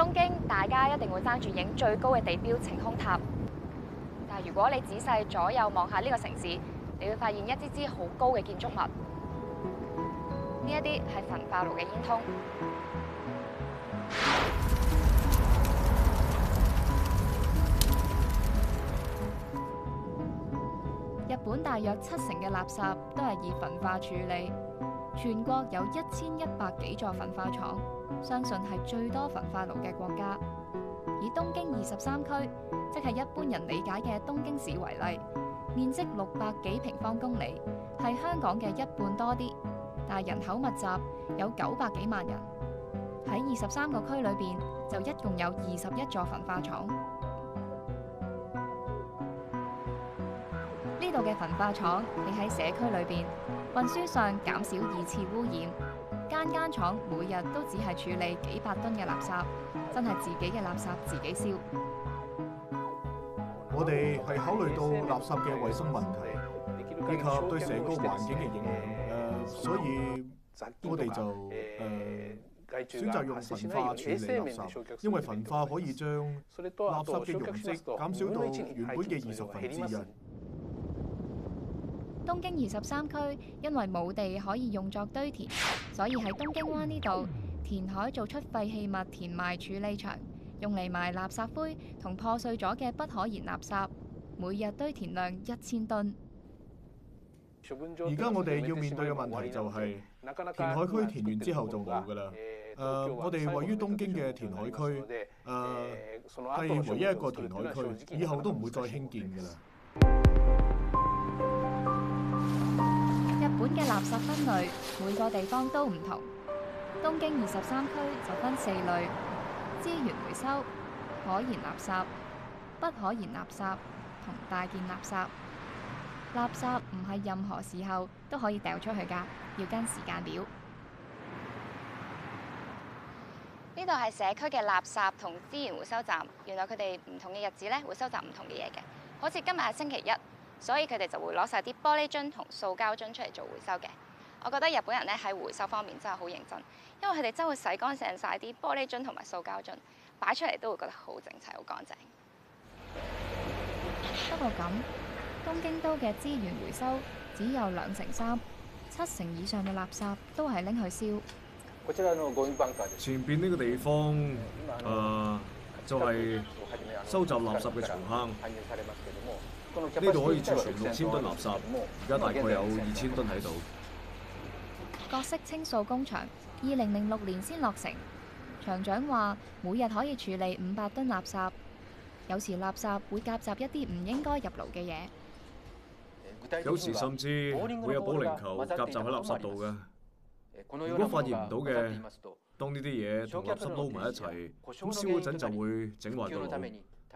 東京，大家一定會爭住影最高嘅地標晴空塔。但係如果你仔細左右望下呢個城市，你會發現一支支好高嘅建築物。呢一啲係焚化爐嘅煙通。日本大約七成嘅垃圾都係以焚化處理。全國有一千一百幾座焚化廠，相信係最多焚化爐嘅國家。以東京二十三區，即係一般人理解嘅東京市為例，面積六百幾平方公里，係香港嘅一半多啲，但人口密集，有九百幾萬人。喺二十三個區裏邊，就一共有二十一座焚化廠。呢度嘅焚化廠企喺社區裏邊，運輸上減少二次污染，間間廠每日都只係處理幾百噸嘅垃圾，真係自己嘅垃圾自己燒。我哋係考慮到垃圾嘅衛生問題，以及對社區環境嘅影響，所以我哋就誒、呃、選擇用焚化處理垃圾，因為焚化可以將垃圾嘅容積減少到原本嘅二十分之一。東京二十三區因為冇地可以用作堆填，所以喺東京灣呢度填海做出廢棄物填埋處理場，用嚟埋，埋垃圾灰同破碎咗嘅不可燃垃圾，每日堆填量一千噸。而家我哋要面對嘅問題就係、是，填海區填完之後就冇㗎喇。誒，我哋位於東京嘅填海區，誒係唯一一個填海區，以後都唔會再興建㗎喇。垃圾分類每個地方都唔同，東京二十三區就分四類：資源回收、可燃垃圾、不可燃垃圾同大件垃圾。垃圾唔係任何時候都可以掉出去噶，要跟時間表。呢度係社區嘅垃圾同資源回收站，原來佢哋唔同嘅日子咧，會收集唔同嘅嘢嘅，好似今日係星期一。所以佢哋就會攞晒啲玻璃樽同塑膠樽出嚟做回收嘅。我覺得日本人咧喺回收方面真係好認真，因為佢哋真係會洗乾淨晒啲玻璃樽同埋塑膠樽，擺出嚟都會覺得好整齊、好乾淨。不過咁，東京都嘅資源回收只有兩成三，七成以上嘅垃圾都係拎去燒。前邊呢個地方，誒、呃，就係、是、收集垃圾嘅場坑。呢度可以儲存六千噸垃圾，而家大概有二千噸喺度。角色清掃工場二零零六年先落成，廠長話每日可以處理五百噸垃圾。有時垃圾會夾雜一啲唔應該入爐嘅嘢，有時甚至會有保齡球夾雜喺垃圾度嘅。如果發現唔到嘅，當呢啲嘢同垃圾撈埋一齊咁燒嗰陣就會整壞到爐，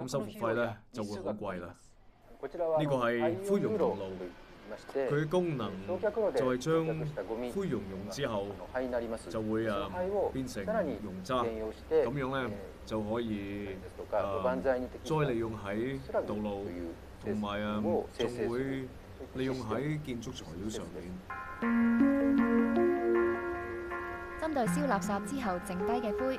咁修復費咧就會好貴啦。呢個係灰熔道路，佢嘅功能就係將灰熔融之後，就會啊變成熔渣，咁樣咧就可以啊再利用喺道路同埋啊，仲會利用喺建築材料上面。針對燒垃圾之後剩低嘅灰。